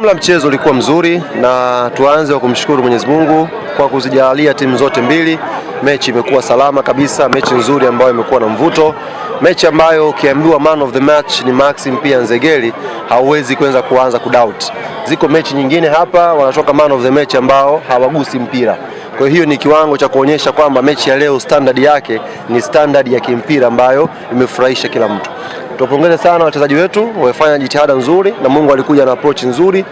Jumla mchezo ulikuwa mzuri na tuanze kwa kumshukuru Mwenyezi Mungu kwa kuzijalia timu zote mbili. Mechi imekuwa salama kabisa, mechi nzuri ambayo imekuwa na mvuto, mechi ambayo ukiambiwa man of the match ni Maxim pia Nzegeli hauwezi kuanza kuanza kudoubt. Ziko mechi nyingine hapa wanatoka man of the match ambao hawagusi mpira. Kwa hiyo ni kiwango cha kuonyesha kwamba mechi ya leo standard yake ni standard ya kimpira ambayo imefurahisha kila mtu. Tuwapongeze sana wachezaji wetu, wamefanya jitihada nzuri na Mungu alikuja na approach nzuri.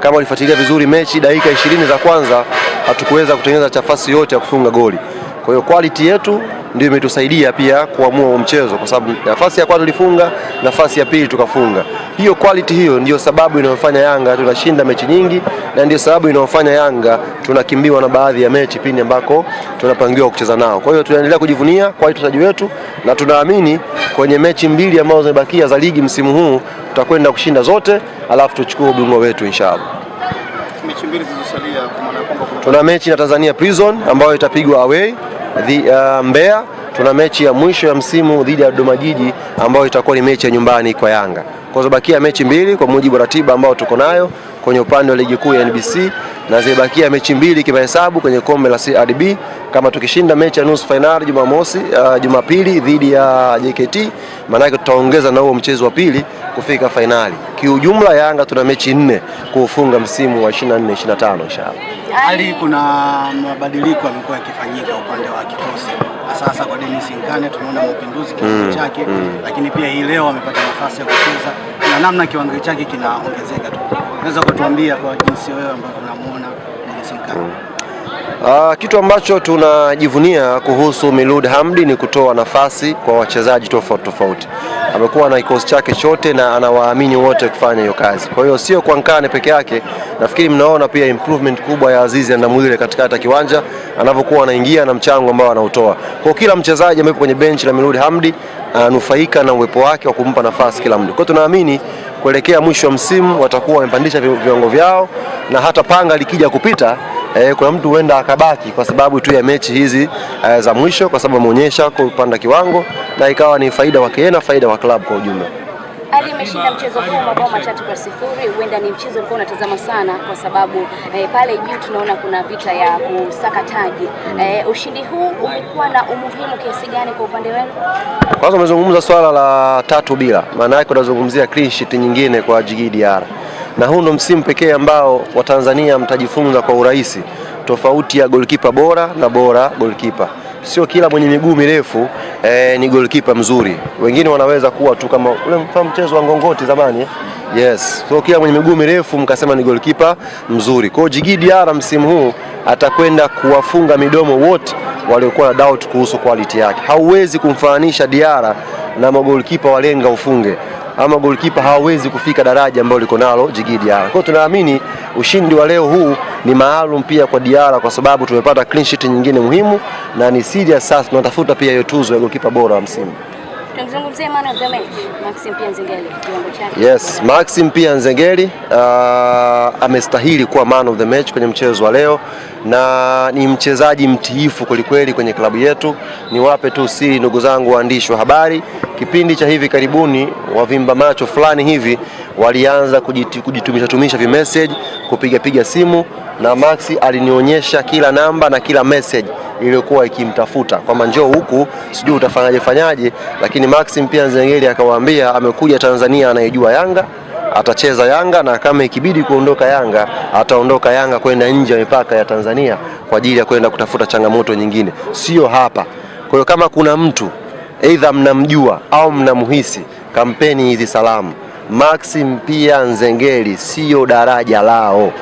Kama ulifuatilia vizuri mechi, dakika 20 za kwanza hatukuweza kutengeneza nafasi yote ya kufunga goli. Kwa hiyo quality yetu ndio imetusaidia pia kuamua mchezo, kwa sababu nafasi ya kwanza tulifunga, nafasi ya pili tukafunga. Hiyo quality hiyo ndio sababu inayofanya Yanga tunashinda mechi nyingi, na ndio sababu inayofanya Yanga tunakimbiwa na baadhi ya mechi pindi ambako tunapangiwa kucheza nao. Kwa hiyo tunaendelea kujivunia quality wachezaji wetu, na tunaamini kwenye mechi mbili ambazo zimebakia za ligi msimu huu tutakwenda kushinda zote, alafu tuchukue ubingwa wetu inshallah. Mechi mbili zilizosalia, kwa maana kwamba tuna mechi na Tanzania Prison ambayo itapigwa away the, uh, Mbeya tuna mechi ya mwisho ya msimu dhidi ya Dodoma Jiji ambayo itakuwa ni mechi ya nyumbani kwa Yanga. Kwa zibakia mechi mbili kwa mujibu wa ratiba ambayo tuko nayo kwenye upande wa ligi kuu ya NBC na zimebakia mechi mbili kimahesabu kwenye kombe la CRB. Kama tukishinda mechi ya nusu fainali Jumamosi, uh, Jumapili dhidi ya JKT, maanake tutaongeza na huo mchezo wa pili kufika fainali. Kiujumla Yanga tuna mechi nne kuufunga msimu wa 24 25 inshallah. Hali kuna mabadiliko yamekuwa yakifanyika upande wa kikosi sasa kwa Dennis Ngane tunaona mapinduzi kiwango mm, chake mm, lakini pia hii leo amepata nafasi ya kucheza na namna kiwango chake kinaongezeka tu. Unaweza kutuambia kwa jinsi wewe ambavyo unamuona Dennis Ngane? Mm. Uh, kitu ambacho tunajivunia kuhusu milud Hamdi ni kutoa nafasi kwa wachezaji tofauti tofauti. Amekuwa na kikosi chake chote na anawaamini wote kufanya hiyo kazi. Kwa hiyo sio kwa Nkane peke yake, nafikiri mnaona pia improvement kubwa ya Azizi Ndamwile katikati ya kiwanja anavyokuwa anaingia na mchango ambao anautoa. Kwa kila mchezaji ambaye kwenye benchi la milud Hamdi ananufaika na uwepo wake wa kumpa nafasi kila mtu. Kwa tunaamini kuelekea mwisho wa msimu watakuwa wamepandisha viwango vyao na hata panga likija kupita eh, kuna mtu huenda akabaki kwa sababu tu ya mechi hizi eh, za mwisho, kwa sababu ameonyesha kupanda kiwango na ikawa ni faida kwake yeye na faida kwa klabu kwa ujumla. Ali ameshinda mchezo huu mabao matatu kwa sifuri. Huenda ni mchezo ulikuwa unatazama sana kwa sababu eh, pale juu tunaona kuna vita ya kusaka taji eh, ushindi huu umekuwa na umuhimu kiasi gani kwa upande wenu? Kwanza umezungumza swala la tatu bila, maana yake unazungumzia clean sheet nyingine kwa Djigui Diarra na huu ndo msimu pekee ambao Watanzania mtajifunza kwa urahisi tofauti ya golkipa bora na bora golkipa. Sio kila mwenye miguu mirefu eh, ni golkipa mzuri. Wengine wanaweza kuwa tu kama ule mfano mchezo wa ngongoti zamani. Eh? Yes, so kila mwenye miguu mirefu mkasema ni golkipa mzuri. Kwa hiyo Djigui Diarra msimu huu atakwenda kuwafunga midomo wote waliokuwa na doubt kuhusu quality yake. Hauwezi kumfananisha Diarra na magolikipa walenga ufunge ama golikipa hawawezi kufika daraja ambalo liko nalo Djigui Diarra. Kwa hiyo tunaamini ushindi wa leo huu ni maalum pia kwa Diarra kwa sababu tumepata clean sheet nyingine muhimu na ni serious sasa tunatafuta pia hiyo tuzo ya golikipa bora wa msimu. Tunamzungumzia maana zamani Maxim pia Nzengeli Yes, Maxim pia Nzengeli uh, amestahili kuwa man of the match kwenye mchezo wa leo na ni mchezaji mtiifu kwelikweli kwenye klabu yetu. Niwape tu siri, ndugu zangu waandishi wa habari, kipindi cha hivi karibuni wavimba macho fulani hivi walianza kujitumishatumisha vimeseji kupigapiga simu na Maxi alinionyesha kila namba na kila message iliyokuwa ikimtafuta kwamba njoo huku sijui utafanyaje fanyaje, lakini Maxim pia Nzengeli akamwambia amekuja Tanzania, anayejua Yanga atacheza Yanga na kama ikibidi kuondoka Yanga ataondoka Yanga kwenda nje ya mipaka ya Tanzania kwa ajili ya kwenda kutafuta changamoto nyingine, sio hapa. Kwa hiyo kama kuna mtu aidha mnamjua au mnamhisi, kampeni hizi salamu, Maxim pia Nzengeli sio daraja lao,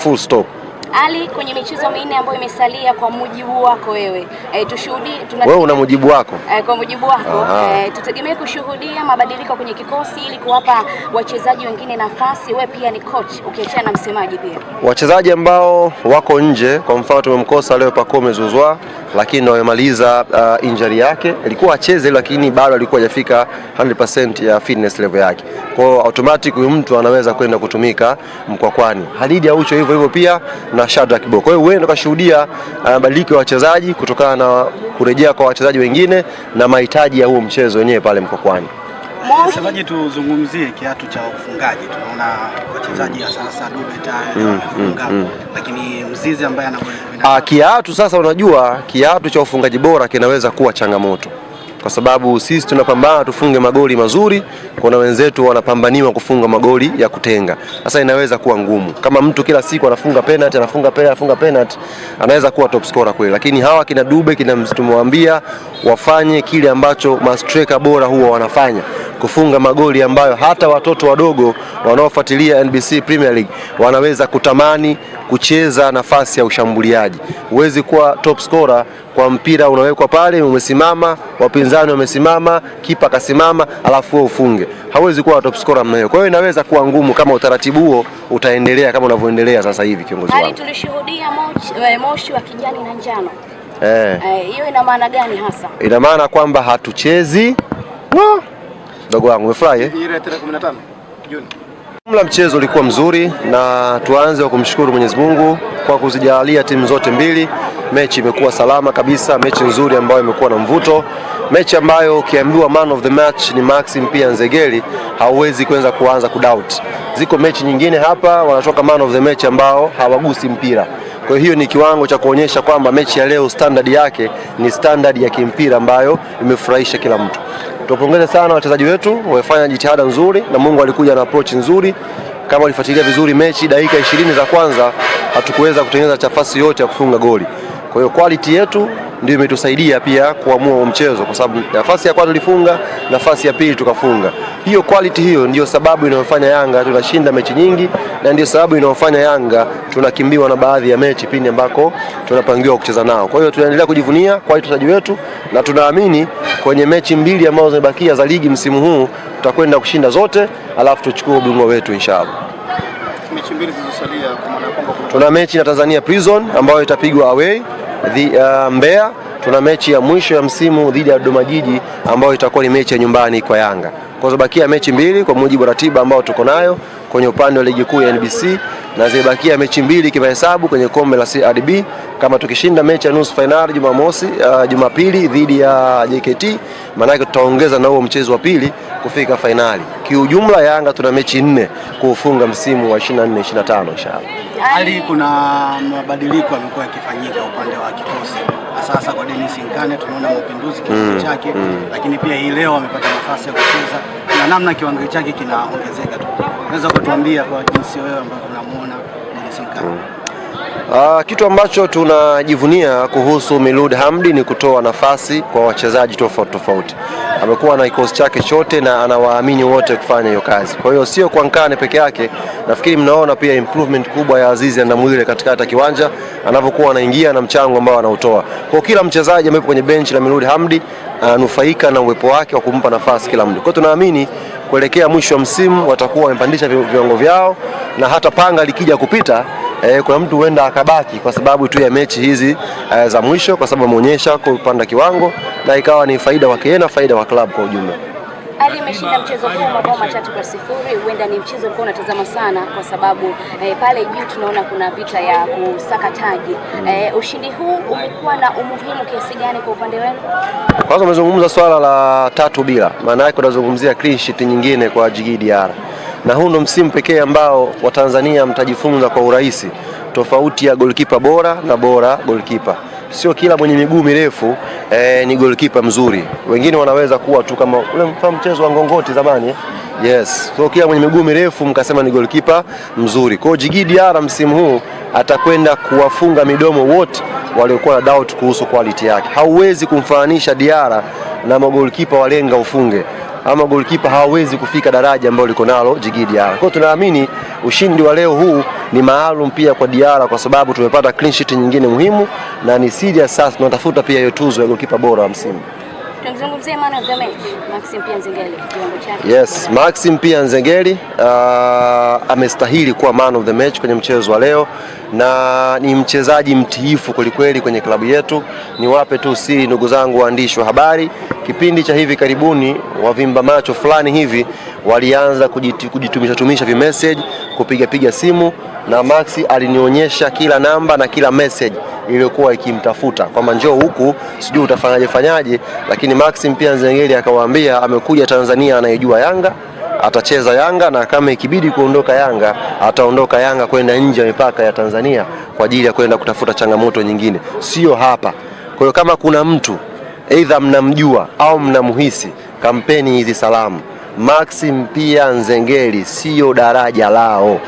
full stop. Ali, kwenye michezo minne ambayo imesalia kwa mujibu wako wewe, e, eh, tushuhudie wewe una mujibu wako e, kwa mujibu wako e, tutegemee kushuhudia mabadiliko kwenye kikosi ili kuwapa wachezaji wengine nafasi. Wewe pia ni coach, ukiachana na msemaji, pia wachezaji ambao wako nje, kwa mfano tumemkosa leo Pacome Zouzoua, lakini wamemaliza uh, injury yake, alikuwa acheze, lakini bado alikuwa hajafika 100% ya fitness level yake, kwa hiyo automatic huyu mtu anaweza kwenda kutumika Mkwakwani. Hadidi Aucho hivyo hivyo pia na Shadrack Bo. Kwa hiyo wewe ndio kashuhudia uh, mabadiliko ya wachezaji kutokana na kurejea kwa wachezaji wengine na mahitaji ya huo mchezo wenyewe pale Mkokwani. Mchezaji, tuzungumzie kiatu cha ufungaji. Tunaona wachezaji ya sasa Dube tayari mm, wamefunga mm, mm, mm. Lakini Mzizi ambaye ana ah, kiatu sasa, unajua kiatu cha ufungaji bora kinaweza kuwa changamoto kwa sababu sisi tunapambana tufunge magoli mazuri, kuna wenzetu wanapambaniwa kufunga magoli ya kutenga. Sasa inaweza kuwa ngumu kama mtu kila siku anafunga penalty, anafunga penalty, anafunga penalty, anaweza kuwa top scorer kweli, lakini hawa kina Dube kina tumewambia wafanye kile ambacho mastreka bora huwa wanafanya kufunga magoli ambayo hata watoto wadogo wanaofuatilia NBC Premier League wanaweza kutamani kucheza nafasi ya ushambuliaji. Huwezi kuwa top scorer kwa mpira unawekwa pale, umesimama, wapinzani wamesimama, kipa kasimama, alafu wewe ufunge. Hawezi kuwa top scorer namna hiyo. Kwa hiyo inaweza kuwa ngumu kama utaratibu huo utaendelea kama unavyoendelea sasa hivi, kiongozi wangu. Tulishuhudia eh, moshi wa kijani na njano. Eh. eh. Hiyo ina maana gani hasa? Ina maana kwamba hatuchezi no mdogo wangu, umefurahi eh? Jumla mchezo ulikuwa mzuri na tuanze wa kumshukuru Mwenyezi Mungu kwa kuzijalia timu zote mbili. Mechi imekuwa salama kabisa, mechi nzuri ambayo imekuwa na mvuto, mechi ambayo ukiambiwa man of the match ni Maxim pia Nzegeli hauwezi kuanza kuanza kudoubt. Ziko mechi nyingine hapa wanatoka man of the match ambao hawagusi mpira. Kwa hiyo ni kiwango cha kuonyesha kwamba mechi ya leo standard yake ni standard ya kimpira ambayo imefurahisha kila mtu. Tuwapongeze sana wachezaji wetu, wamefanya jitihada nzuri na Mungu alikuja na approach nzuri. Kama ulifuatilia vizuri mechi, dakika ishirini za kwanza hatukuweza kutengeneza nafasi yote ya kufunga goli. Kwa hiyo quality yetu ndio imetusaidia pia kuamua mchezo, kwa sababu nafasi ya kwanza tulifunga, nafasi ya pili tukafunga. Hiyo quality hiyo ndio sababu inayofanya Yanga tunashinda mechi nyingi, na ndio sababu inayofanya Yanga tunakimbiwa na baadhi ya mechi pindi ambako tunapangiwa kucheza nao. Kwa hiyo tunaendelea kujivunia kwa wachezaji wetu na tunaamini kwenye mechi mbili ambazo zimebakia za ligi msimu huu tutakwenda kushinda zote, alafu tuchukue ubingwa wetu inshallah. Mechi mbili zilizosalia, tuna mechi na Tanzania Prison ambayo itapigwa away the, uh, Mbeya tuna mechi ya mwisho ya msimu dhidi ya Dodoma Jiji ambayo itakuwa ni mechi ya nyumbani kwa Yanga. Kwa zibakia mechi mbili kwa mujibu wa ratiba ambayo tuko nayo kwenye upande wa ligi kuu ya NBC na zibakia mechi mbili kimahesabu kwenye kombe la CRB. Kama tukishinda mechi ya nusu fainali Jumamosi, uh, Jumapili dhidi ya JKT, maanake tutaongeza na huo mchezo wa pili kufika fainali. Kiujumla, Yanga tuna mechi nne kuufunga msimu wa 24 25 inshallah. Hali kuna mabadiliko yamekuwa yakifanyika upande wa kikosi sasa kwa Dennis Nkane tunaona mapinduzi kiwango mm, chake mm, lakini pia hii leo amepata nafasi ya kucheza na namna kiwango chake kinaongezeka tu. Unaweza kutuambia kwa jinsi wewe ambavyo unamuona Dennis Nkane? Mm. Uh, kitu ambacho tunajivunia kuhusu milud Hamdi ni kutoa nafasi kwa wachezaji tofauti tofauti. Amekuwa na kikosi chake chote na anawaamini wote kufanya hiyo kazi. Kwa hiyo sio kwa Nkane peke yake, nafikiri mnaona pia improvement kubwa ya Azizi Ndamwile katikati ya kiwanja anavyokuwa anaingia na mchango ambao anautoa. Kwa kila mchezaji ambaye kwenye benchi la Milud Hamdi ananufaika na uwepo wake wa kumpa nafasi kila mtu. Kwa hiyo tunaamini kuelekea mwisho wa msimu watakuwa wamepandisha viwango vyao na hata panga likija kupita e, kuna mtu huenda akabaki kwa sababu tu ya mechi hizi e, za mwisho, kwa sababu ameonyesha kupanda kiwango na ikawa ni faida kwake yeye na faida wa klabu kwa ujumla. Ali ameshinda mchezo huu mabao matatu kwa sifuri. Huenda ni mchezo ulikuwa unatazama sana kwa sababu e, pale juu tunaona kuna vita ya kusaka taji e, ushindi huu umekuwa na umuhimu kiasi gani kwa upande wenu? Kwanza umezungumza swala la tatu bila, maana yake unazungumzia clean sheet nyingine kwa Djigui Diarra na huu ndo msimu pekee ambao Watanzania mtajifunza kwa urahisi tofauti ya golkipa bora na bora goalkeeper. Sio kila mwenye miguu mirefu e, ni golkipa mzuri. Wengine wanaweza kuwa tu kama ule mfano mchezo wa ngongoti zamani yes. So kila mwenye miguu mirefu mkasema ni goalkeeper mzuri. Kwa hiyo Djigui Diarra msimu huu atakwenda kuwafunga midomo wote waliokuwa na doubt kuhusu quality yake. Hauwezi kumfananisha Diarra na magolikipa walenga ufunge ama golikipa hawawezi kufika daraja ambalo liko nalo Djigui Diarra. Kwa tunaamini ushindi wa leo huu ni maalum pia kwa diara kwa sababu tumepata clean sheet nyingine muhimu na ni serious sasa tunatafuta pia hiyo tuzo ya golikipa bora wa msimu. Yes, Maxim pia Nzengeli uh, amestahili kuwa man of the match kwenye mchezo wa leo na ni mchezaji mtiifu kwelikweli kwenye klabu yetu. Niwape tu siri, ndugu zangu waandishi wa habari, kipindi cha hivi karibuni wavimba macho fulani hivi walianza kujitumisha tumisha kupiga kupigapiga simu na Maxi alinionyesha kila namba na kila message iliyokuwa ikimtafuta kwamba njoo huku sijui utafanyaje fanyaje, lakini Maxim pia Nzengeli akawaambia amekuja Tanzania, anaijua Yanga atacheza Yanga na kama ikibidi kuondoka Yanga ataondoka Yanga kwenda nje ya mipaka ya Tanzania kwa ajili ya kwenda kutafuta changamoto nyingine, sio hapa. Kwa hiyo kama kuna mtu aidha mnamjua au mnamhisi, kampeni hizi salamu, Maxim pia Nzengeli sio daraja lao,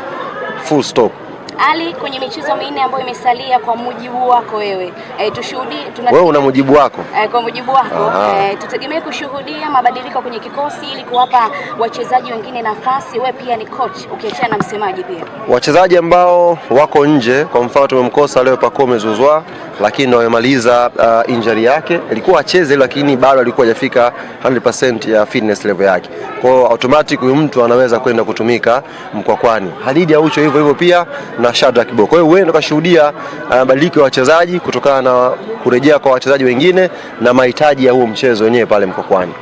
full stop. Ali, kwenye michezo minne ambayo imesalia kwa mujibu wako wewe, e, eh, tushuhudie tuna wewe una mujibu wako e, kwa mujibu wako e, tutegemee kushuhudia mabadiliko kwenye kikosi ili kuwapa wachezaji wengine nafasi. Wewe pia ni coach ukiachana na msemaji, pia wachezaji ambao wako nje, kwa mfano tumemkosa leo Pako umezuzwa lakini ndo amemaliza uh, injury yake, ilikuwa acheze lakini bado alikuwa hajafika 100% ya fitness level yake. Kwa hiyo automatic huyu mtu anaweza kwenda kutumika Mkwakwani. Hadidi Aucho hivyo hivyo pia na na Shadrack Kibo. Kwa hiyo wewe ndio kashuhudia uh, mabadiliko uh, ya wachezaji kutokana na kurejea kwa wachezaji wengine na mahitaji ya huo mchezo wenyewe pale Mkokwani.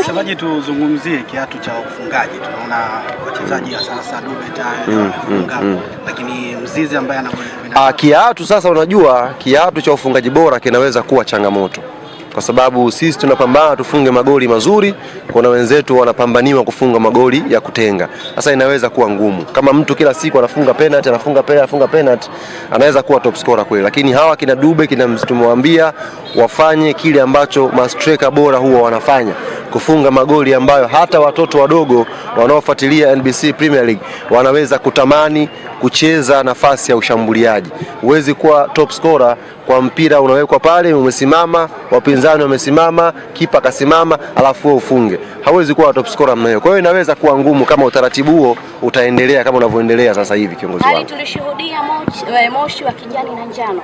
Msemaji, tuzungumzie kiatu cha ufungaji. Tunaona wachezaji mm. sasa Dube mm, mm, mm. lakini Mzizi ambaye anakwenda ah, kiatu sasa, unajua kiatu cha ufungaji bora kinaweza kuwa changamoto kwa sababu sisi tunapambana tufunge magoli mazuri, kuna wenzetu wanapambaniwa kufunga magoli ya kutenga. Sasa inaweza kuwa ngumu kama mtu kila siku anafunga penalty, anafunga penalty, anafunga penalty, anaweza kuwa top scorer kweli, lakini hawa kina Dube kina tumewambia wafanye kile ambacho mastreka bora huwa wanafanya kufunga magoli ambayo hata watoto wadogo wanaofuatilia NBC Premier League wanaweza kutamani kucheza nafasi ya ushambuliaji. Huwezi kuwa top scorer kwa mpira unawekwa pale, umesimama, wapinzani wamesimama, kipa kasimama, alafu wewe ufunge. Hawezi kuwa top scorer mna hiyo. Kwa hiyo inaweza kuwa ngumu kama utaratibu huo utaendelea kama unavyoendelea sasa hivi, kiongozi wangu. Hali tulishuhudia eh, moshi wa kijani na njano.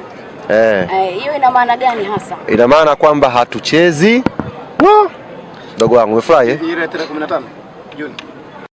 Eh. eh. Hiyo ina maana gani hasa? Ina maana kwamba hatuchezi no. Dogo wangu umefurahi? Ile tarehe 15 Juni.